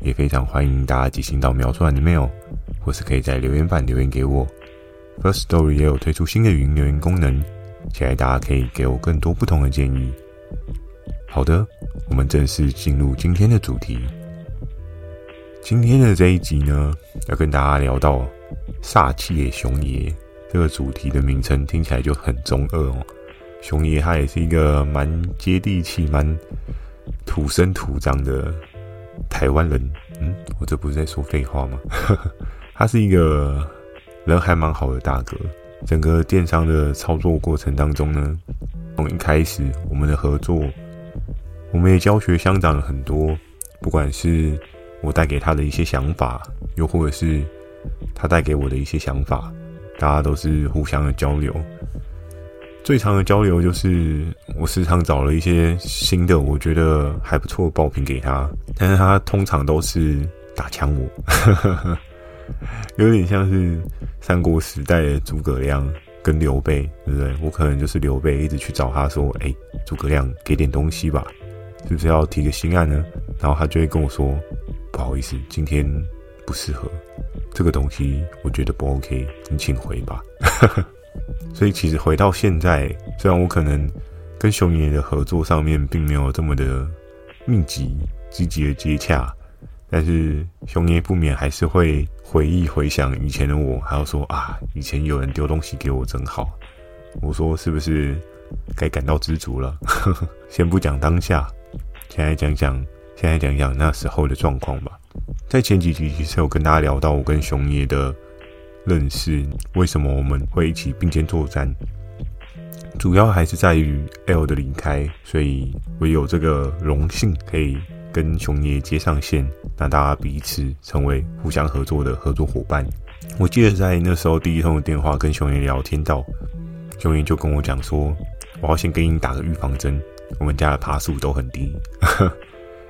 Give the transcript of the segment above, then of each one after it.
也非常歡迎大家寄信到描述欄的 mail，或是可以在留言板留言給我。Firstory 也有推出新的語音留言功能，期待大家可以給我更多不同的建議。好的，我們正式進入今天的主題。今天的這一集呢，要跟大家聊到“煞氣 A 雄爺”這個主題的名稱，聽起來就很中二哦。雄爺他也是一個蠻接地氣、蠻土生土長的。台灣人，嗯，我這不是在說廢話嗎？呵呵，他是一個人還蠻好的大哥。整個電商的操作過程當中呢，從一開始我們的合作，我們也教學相長了很多。不管是我帶給他的一些想法，又或者是他帶給我的一些想法，大家都是互相的交流。最常的交流就是我時常找了一些新的我覺得還不錯的爆品給他，但是他通常都是打槍我， 有點像是三國時代的諸葛亮跟劉備，對不對？我可能就是劉備一直去找他說：“哎，諸葛亮給點東西吧，是不是要提個新案呢？”然後他就會跟我說：“不好意思，今天不適合，這個東西，我覺得不 OK，你請回吧。 ”所以其實回到現在，雖然我可能跟熊爺的合作上面並沒有這麼的密集、積極的接洽，但是熊爺不免還是會回憶回想以前的我，還要說啊，以前有人丟東西給我真好。我說是不是該感到知足了？ 先不講當下，先來講講，先來講講那時候的狀況吧。在前幾集其實有跟大家聊到我跟熊爺的。認識為什麼我們會一起並肩作戰，主要還是在於 L 的離開，所以唯有這個榮幸可以跟雄爺接上線，讓大家彼此成為互相合作的合作夥伴。我記得在那時候第一通的電話跟雄爺聊天到，雄爺就跟我講說：“我要先給你打個預防針，我們家的趴數都很低。”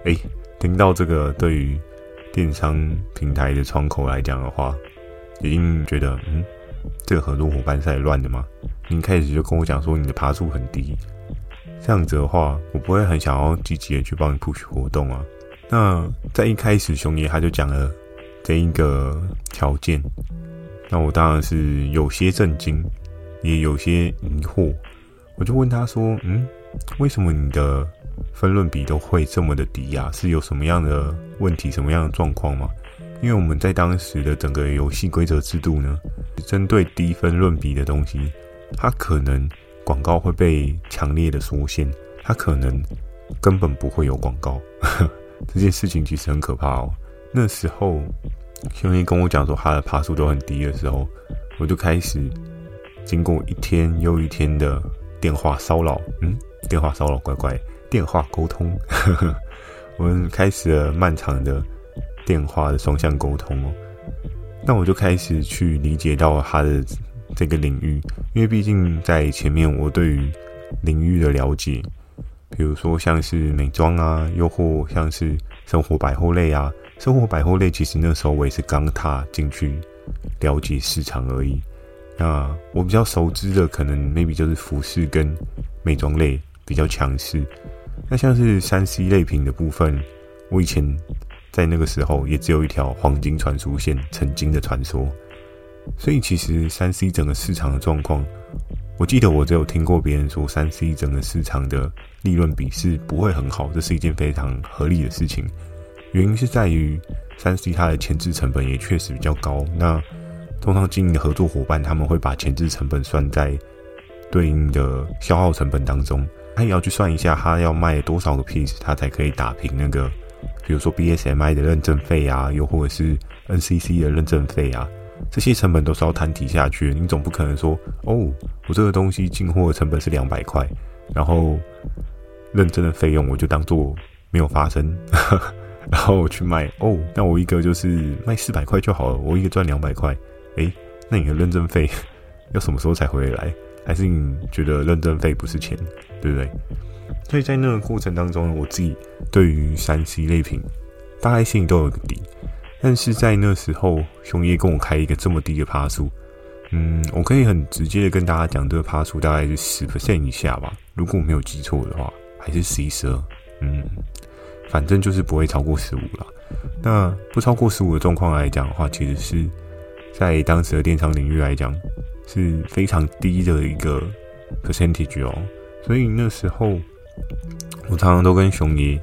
哎，聽到這個對於電商平台的窗口來講的話。已經覺得，嗯，這個合作夥伴是蠻亂的嗎？你一開始就跟我講說你的趴數很低，這樣子的話，我不會很想要積極的去幫你 push 活動啊。那在一開始雄爺他就講了這一個條件，那我當然是有些震驚，也有些疑惑，我就問他說，嗯，為什麼你的分潤比都會這麼的低呀？、啊？是有什麼樣的問題，什麼樣的狀況嗎？因為我們在當時的整個遊戲規則制度呢，針對低分論比的東西，它可能廣告會被強烈的縮限，它可能根本不會有廣告。 這件事情其實很可怕哦。那時候，兄弟跟我講說他的趴數都很低的時候，我就開始經過一天又一天的電話騷擾，嗯，電話騷擾乖乖，電話溝通， 我們開始了漫長的。電話的雙向溝通哦，那我就開始去理解到他的這個領域，因為畢竟在前面我對於領域的了解，比如說像是美妝啊，又或像是生活百貨類啊，生活百貨類其實那時候我也是剛踏進去了解市場而已。那我比較熟知的可能 maybe 就是服飾跟美妝類比較強勢，那像是三 C 類品的部分，我以前。在那個時候，也只有一條黃金傳輸線，曾經的傳說。所以，其實三 C 整個市場的狀況，我記得我只有聽過別人說，三 C 整個市場的利潤比是不會很好，這是一件非常合理的事情。原因是在於三 C 它的前置成本也確實比較高。那通常經營的合作夥伴，他們會把前置成本算在對應的消耗成本當中，他也要去算一下，他要賣多少個 piece，他才可以打平那個。比如說 BSMI 的認證費啊，又或者是 NCC 的認證費啊，這些成本都是要攤提下去的。你總不可能說，哦，我這個東西進貨的成本是兩百塊，然後認證的費用我就當做沒有發生，呵呵然後我去賣。哦，那我一個就是賣四百塊就好了，我一個賺兩百塊。哎，那你的認證費要什麼時候才回來？還是你覺得認證費不是錢，對不對？所以在那個過程當中，我自己對於三 C 類品，大概心裡都有個底。但是在那時候，雄爺跟我開一個這麼低的趴數，嗯，我可以很直接的跟大家講，這個趴數大概是十 percent 以下吧，如果我沒有記錯的話，還是 C 十二，嗯，反正就是不會超過十五了。那不超過十五的狀況來講的話，其實是在當時的電商領域來講是非常低的一個 percentage 哦、喔。所以那時候。我常常都跟熊爺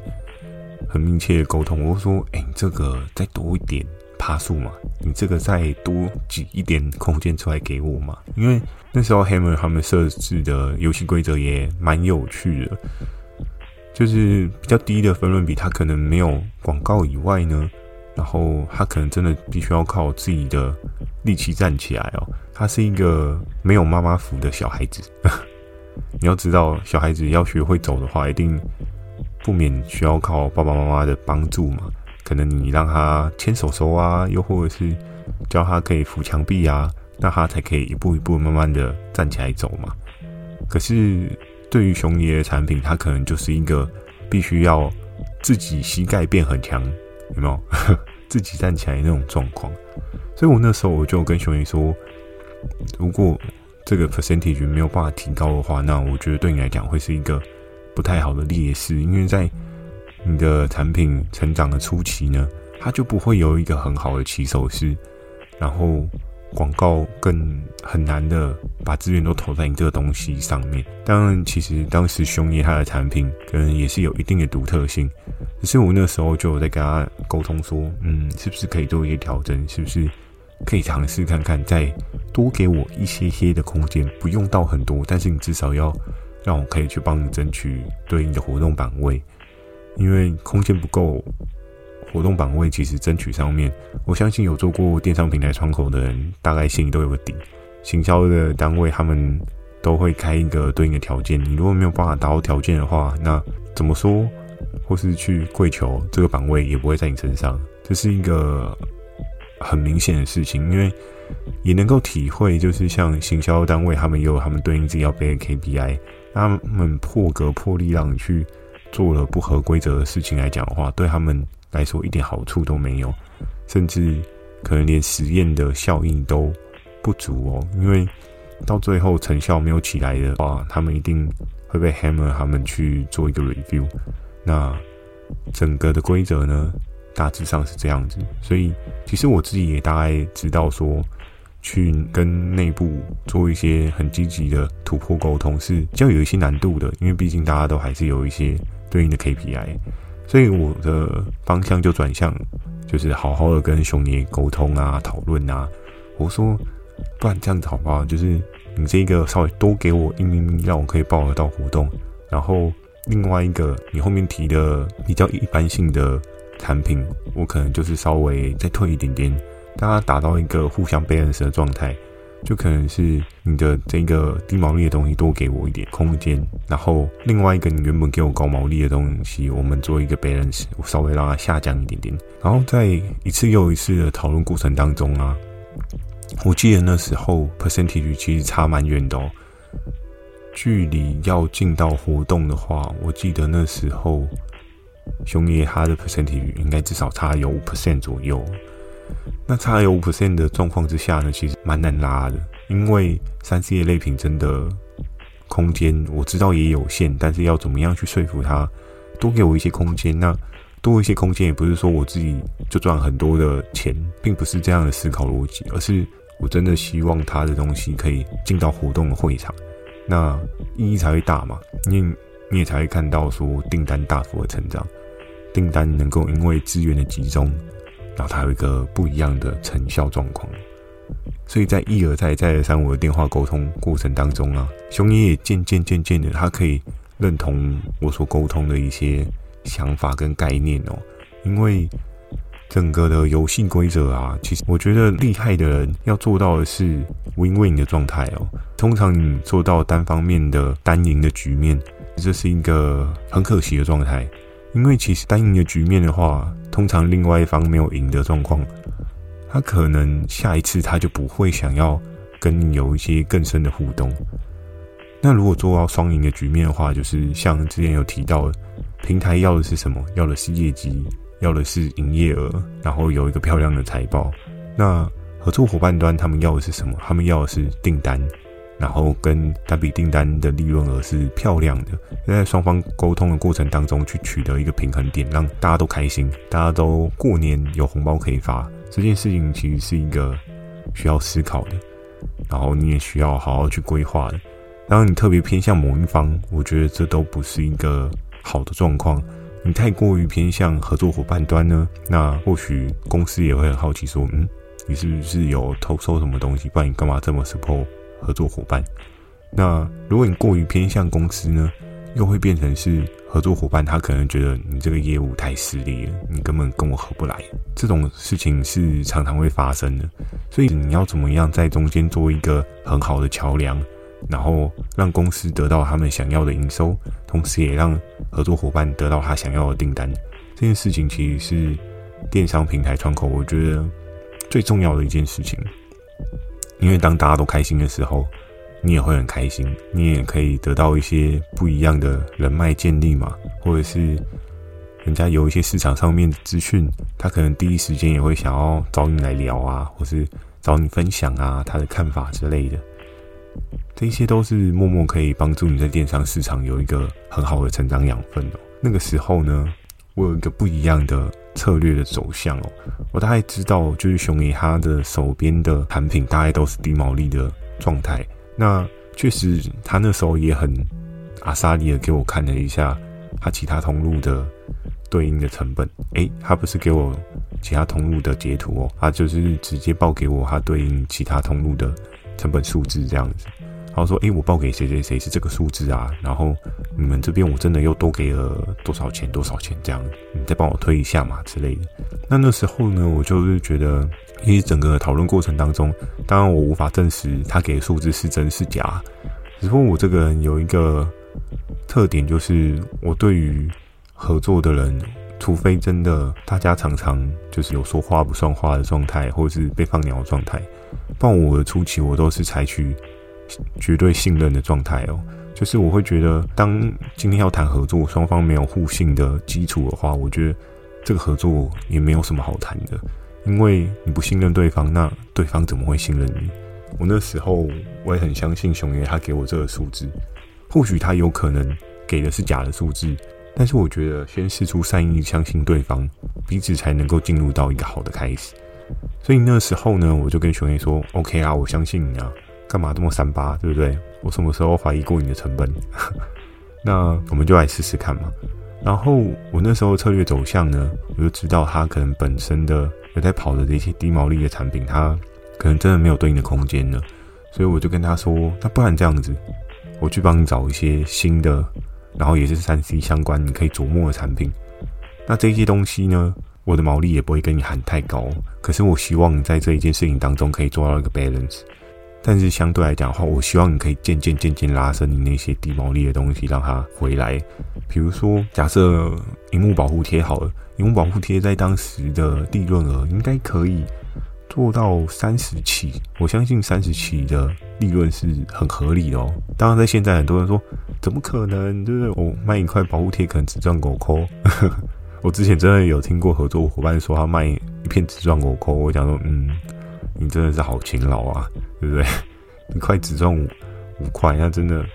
很密切的溝通，我說：“誒、欸，你這個再多一點%數嘛，你這個再多擠一點空間出來給我嘛。”因為那時候 Hammer 他們設置的遊戲規則也蠻有趣的，就是比較低的分潤比，他可能沒有廣告以外呢，然後他可能真的必須要靠自己的力氣站起來哦。他是一個沒有媽媽扶的小孩子。 你要知道，小孩子要學會走的話，一定不免需要靠爸爸媽媽的幫助嘛。可能你讓他牽手手啊，又或者是教他可以扶牆壁啊，那他才可以一步一步慢慢的站起來走嘛。可是對於雄爺的產品，他可能就是一個必須要自己膝蓋變很強，有沒有？ 自己站起來那種狀況。所以我那時候我就跟雄爺說，如果，這個 percentage 沒有辦法提高的話，那我覺得對你來講會是一個不太好的劣勢，因為在你的產品成長的初期呢，它就不會有一個很好的起手式。然後廣告更很難的把資源都投在你這個東西上面。當然，其實當時雄爺他的產品可能也是有一定的獨特性，只是我那時候就有在跟他溝通說，嗯，是不是可以做一些調整？是不是？可以嘗試看看，再多給我一些些的空間，不用到很多，但是你至少要讓我可以去幫你爭取對應的活動版位，因為空間不夠，活動版位其實爭取上面，我相信有做過電商平台窗口的人，大概心裡都有個底。行銷的單位他們都會開一個對應的條件，你如果沒有辦法達到條件的話，那怎麼說，或是去跪求這個版位也不會在你身上，這是一個。很明顯的事情，因為也能夠體會，就是像行銷單位，他們也有他們對應自己要背的 KPI，他們破格破例讓你去做了不合規則的事情來講的話，對他們來說一點好處都沒有，甚至可能連實驗的效應都不足哦。因為到最後成效沒有起來的話，他們一定會被 hammer，他們去做一個 review。那整個的規則呢，大致上是這樣子，所以其實我自己也大概知道說，去跟內部做一些很積極的突破溝通是，比較有一些難度的，因為畢竟大家都還是有一些對應的 KPI，所以我的方向就轉向，就是好好的跟雄爺溝通啊，討論啊，我說，不然這樣子好不好？就是你這一個稍微多給我一咪咪，讓我可以報得到活動，然後另外一個你後面提的比較一般性的。產品，我可能就是稍微再退一點點，大家達到一個互相 balance 的狀態，就可能是你的這個低毛利的東西多給我一點空間，然後另外一個你原本給我高毛利的東西，我們做一個 balance，我稍微讓它下降一點點，然後在一次又一次的討論過程當中啊，我記得那時候 percentage 其實差蠻遠的哦，距離要進到活動的話，我記得那時候。雄爺他的 percent 應該至少差有五 percent 左右，那差有五 percent 的狀況之下呢，其實蠻難拉的，因為 3C 類品真的空間我知道也有限，但是要怎麼樣去說服他多給我一些空間？那多一些空間也不是說我自己就賺很多的錢，並不是這樣的思考邏輯，而是我真的希望他的東西可以進到活動的會場，那意義才會大嘛。你。你也才會看到說訂單大幅的成長，訂單能夠因為資源的集中，然後它有一個不一樣的成效狀況。所以在一而再、再而三我的電話溝通過程當中啊，雄爺也漸漸、漸漸的，他可以認同我所溝通的一些想法跟概念哦。因為整個的遊戲規則啊，其實我覺得厲害的人要做到的是 win-win 的狀態哦。通常你做到單方面的單贏的局面，這是一個很可惜的狀態，因為其實單贏的局面的話，通常另外一方沒有贏的狀況，他可能下一次他就不會想要跟你有一些更深的互動。那如果做到雙贏的局面的話，就是像之前有提到，平台要的是什麼？要的是業績，要的是營業額，然後有一個漂亮的財報。那合作夥伴端他們要的是什麼？他們要的是訂單。然後跟單筆訂單的利潤額是漂亮的，在雙方溝通的過程當中去取得一個平衡點，讓大家都開心，大家都過年有紅包可以發，這件事情其實是一個需要思考的，然後你也需要好好去規劃的。當然你特別偏向某一方，我覺得這都不是一個好的狀況。你太過於偏向合作夥伴端呢，那或許公司也會很好奇說：“嗯，你是不是有偷收什麼東西？不然你幹嘛這麼 support？” 合作夥伴，那如果你過於偏向公司呢，又會變成是合作夥伴，他可能覺得你這個業務太勢利了，你根本跟我合不來。這種事情是常常會發生的，所以你要怎麼樣在中間做一個很好的橋樑，然後讓公司得到他們想要的營收，同時也讓合作夥伴得到他想要的訂單。這件事情其實是電商平台窗口，我覺得最重要的一件事情。因為當大家都開心的時候，你也會很開心，你也可以得到一些不一樣的人脈建立嘛，或者是人家有一些市場上面的資訊，他可能第一時間也會想要找你來聊啊，或是找你分享啊，他的看法之類的。這些都是默默可以幫助你在電商市場有一個很好的成長養分的。那個時候呢，我有一個不一樣的策略的走向哦，我大概知道，就是雄爺他的手邊的產品大概都是低毛利的狀態。那確實，他那時候也很阿莎力的給我看了一下他其他通路的對應的成本。誒，他不是給我其他通路的截圖哦，他就是直接報給我他對應其他通路的成本數字這樣子。然後說：“誒、欸，我報給誰誰誰是這個數字啊？然後你們這邊我真的又多給了多少錢？多少錢？這樣，你再幫我推一下嘛之類的。”那那時候呢，我就是覺得，其實整個討論過程當中，當然我無法證實他給的數字是真是假。只不過我這個人有一個特點，就是我對於合作的人，除非真的大家常常就是有說話不算話的狀態，或者是被放鳥的狀態，放我的初期，我都是採取，絕對信任的狀態哦，就是我會覺得，當今天要談合作，雙方沒有互信的基礎的話，我覺得這個合作也沒有什麼好談的，因為你不信任對方，那對方怎麼會信任你？我那時候我也很相信雄爺他給我這個數字，或許他有可能給的是假的數字，但是我覺得先釋出善意，相信對方，彼此才能夠進入到一個好的開始。所以那時候呢，我就跟雄爺說：“OK 啊，我相信你啊。”幹嘛這麼三八，對不對？我什麼時候懷疑過你的成本？ 那我們就來試試看嘛。然後我那時候策略走向呢，我就知道他可能本身的有在跑的這些低毛利的產品，他可能真的沒有對應的空間了。所以我就跟他說：“那不然這樣子，我去幫你找一些新的，然後也是三 C 相關你可以琢磨的產品。那這些東西呢，我的毛利也不會跟你喊太高，可是我希望在這一件事情當中可以做到一個 balance。”但是相對來講的話，我希望你可以漸漸漸漸拉伸你那些低毛利的東西，讓它回來。比如說，假設屏幕保護貼好了，屏幕保護貼在當時的利潤額應該可以做到三十起。我相信三十起的利潤是很合理的哦。當然，在現在很多人說怎麼可能？就是，對不對？我賣一塊保護貼可能只賺狗扣。 我之前真的有聽過合作夥伴說他賣一片只賺狗摳。我想說，嗯。你真的是好勤勞啊，對不對？一塊只賺五五塊，那真的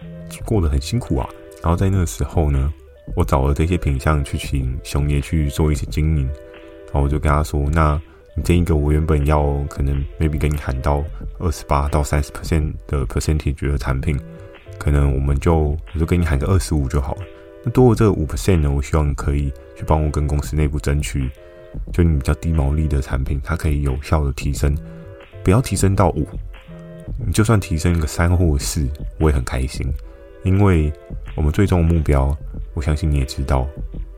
過得很辛苦啊。然後在那個時候呢，我找了這些品相去請熊爺去做一些經營，然後我就跟他說：“那你這一個我原本要可能 maybe 給你喊到二十八到三十 percent 的 percentage 的產品，可能我們就我就給你喊個二十五就好了。那多了這個五 percent 呢，我希望你可以去幫我跟公司內部爭取，就你比較低毛利的產品，它可以有效的提升。”不要提升到五，你就算提升一個三或四，我也很開心，因為我們最終的目標，我相信你也知道，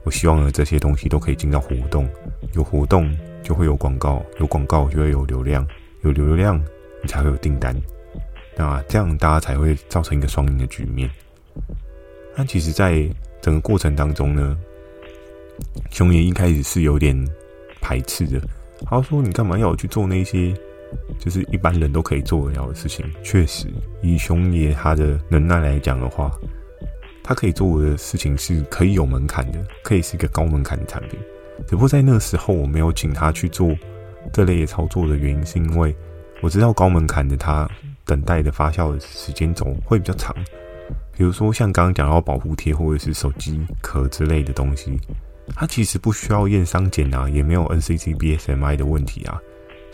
我希望的這些東西都可以進到活動，有活動就會有廣告，有廣告就會有流量，有流量你才會有訂單，那這樣大家才會造成一個雙贏的局面。那其實，在整個過程當中呢，熊爺一開始是有點排斥的，他說：“你幹嘛要我去做那些？”就是一般人都可以做得了的事情。確實，以雄爺他的能耐來講的話，他可以做的事情是可以有門檻的，可以是一個高門檻的產品。只不過在那時候我沒有請他去做這類操作的原因，是因為我知道高門檻的他等待的發酵的時間軸會比較長。比如說像剛剛講到保護貼或者是手機殼之類的東西，它其實不需要驗商檢啊，也沒有 NCC BSMI 的問題啊。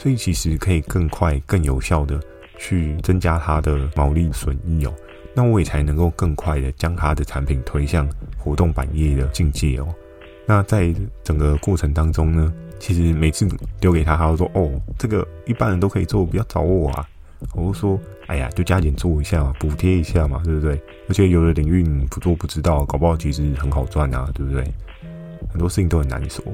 所以其實可以更快、更有效的去增加他的毛利損益哦，那我也才能夠更快的將他的產品推向活動版頁的境界哦。那在整個過程當中呢，其實每次丟給他，他都說：“哦，這個一般人都可以做，不要找我啊。”我就說：“哎呀，就加點做一下嘛，補貼一下嘛，對不對？”而且有的領域不做不知道，搞不好其實很好賺啊，對不對？很多事情都很難說。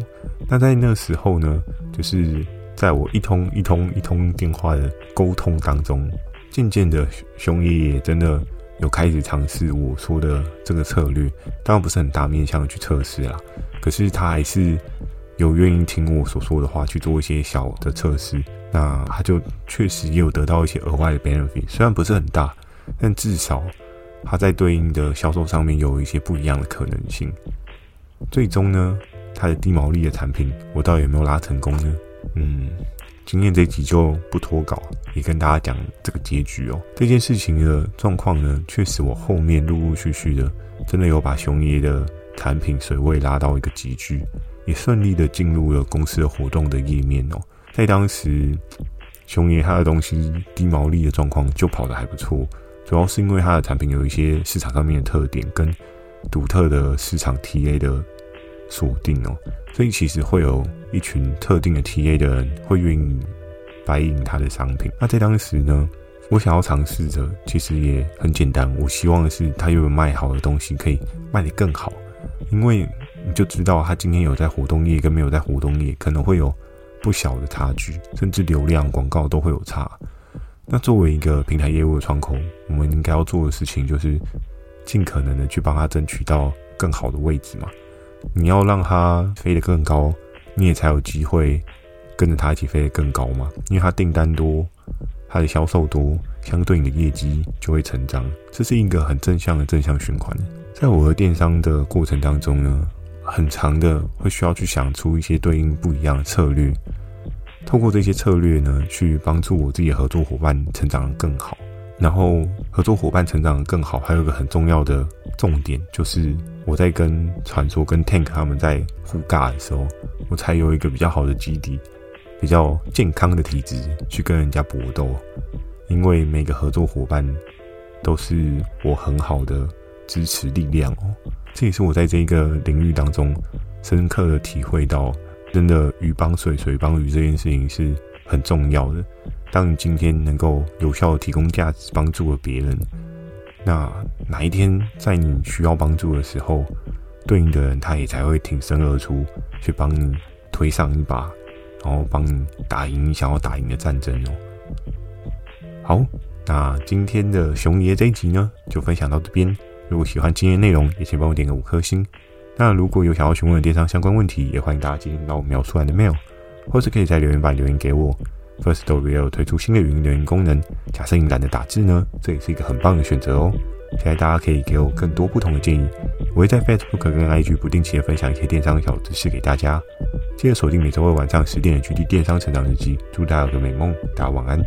那在那個時候呢，就是。在我一通一通一通電話的溝通當中，漸漸的，雄爺爺真的有開始嘗試我說的這個策略，當然不是很大面向的去測試啦，可是他還是有願意聽我所說的話去做一些小的測試，那他就確實也有得到一些額外的 benefit，雖然不是很大，但至少他在對應的銷售上面有一些不一樣的可能性。最終呢，他的低毛利的產品，我到底有沒有拉成功呢？嗯，今天這集就不脫稿，也跟大家講這個結局哦。這件事情的狀況呢，確實我後面陸陸續續的，真的有把雄爺的產品水位拉到一個極致，也順利的進入了公司的活動的頁面哦。在當時，雄爺他的東西低毛利的狀況就跑得還不錯，主要是因為他的產品有一些市場上面的特點跟獨特的市場 TA 的。鎖定哦，所以其實會有一群特定的 T A 的人會願意白銀他的商品。那在當時呢，我想要嘗試着，其實也很簡單。我希望的是他又有賣好的東西，可以賣得更好，因為你就知道他今天有在活動頁跟沒有在活動頁，可能會有不小的差距，甚至流量廣告都會有差。那作為一個平台業務的窗口，我們應該要做的事情就是盡可能的去幫他爭取到更好的位置嘛。你要讓它飛得更高，你也才有機會跟着他一起飛得更高嘛。因為他訂單多，他的銷售多，相對你的業績就會成長。這是一個很正向的正向循環。在我和電商的過程當中呢，很長的會需要去想出一些對應不一樣的策略，透過這些策略呢，去幫助我自己的合作夥伴成長得更好。然後合作夥伴成長得更好，還有一個很重要的重點就是。我在跟傳說、跟 Tank 他們在互尬的時候，我才有一個比較好的基底、比較健康的體質去跟人家搏鬥。因為每個合作夥伴都是我很好的支持力量哦。這也是我在這個領域當中深刻的體會到，真的魚幫水，水幫魚這件事情是很重要的。當你今天能夠有效的提供價值，幫助了別人。那哪一天在你需要幫助的時候，對應的人他也才會挺身而出，去幫你推上一把，然後幫你打贏你想要打贏的戰爭哦。好，那今天的熊爺這一集呢，就分享到這邊。如果喜歡今天內容，也請幫我點個五顆星。那如果有想要詢問的電商相關問題，也歡迎大家進到我描述欄的 mail，或是可以在留言板留言給我。Firstory 推出新的語音留言功能，假設你懶得打字呢，這也是一個很棒的選擇哦。期待大家可以給我更多不同的建議，我會在 Facebook 跟 IG 不定期的分享一些電商小知識給大家。記得鎖定每週二晚上十點的《GD 電商成長日記》，祝大家有個美夢，大家晚安。